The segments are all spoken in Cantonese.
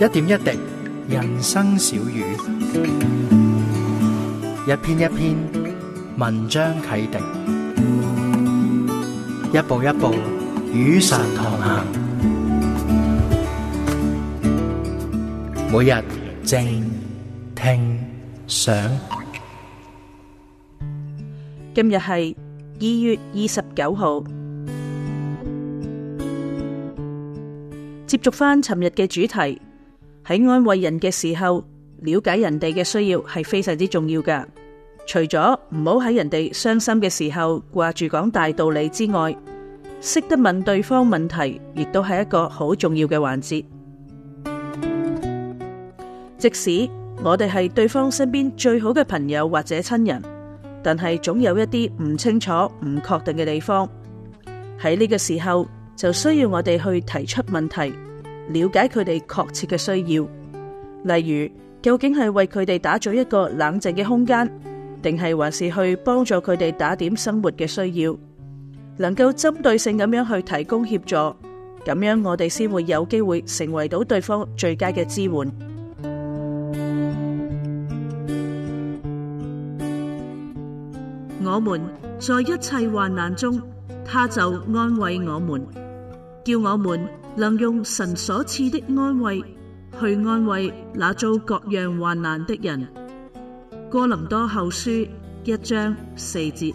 一點一滴，人生小語；一篇一篇，文章啟迪；一步一步，雨傘同行。每日靜聽想，今日係二月二十九號，接續翻尋日嘅主題。喺安慰人嘅時候，了解人哋嘅需要係非常之重要㗎。除咗唔好喺人哋傷心嘅時候掛住講大道理之外，識得問對方問題，亦都係一個好重要嘅環節。即使我哋係對方身邊最好嘅朋友或者親人，但係總有一啲唔清楚、唔確定嘅地方。喺呢個時候，就需要我哋去提出問題。了解佢哋確切嘅需要，例如究竟係為佢哋打造一個冷靜嘅空間，定係還是去幫助佢哋打點生活嘅需要，能夠針對性咁樣去提供協助，咁樣我哋先會有機會成為到對方最佳嘅支援。我們在一切患難中，他就安慰我們，叫我們。能用神所賜的安慰去安慰那遭各樣患難的人。哥林多後書一章四節。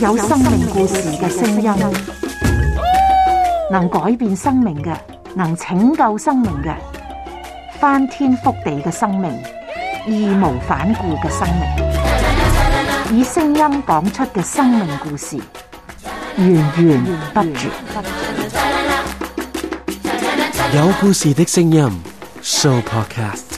有生命故事嘅聲音，能改變生命嘅，能拯救生命嘅，翻天覆地嘅生命，義無反顧嘅生命，以聲音講出嘅生命故事，源源不絕。有故事嘅聲音，Sooo Podcast。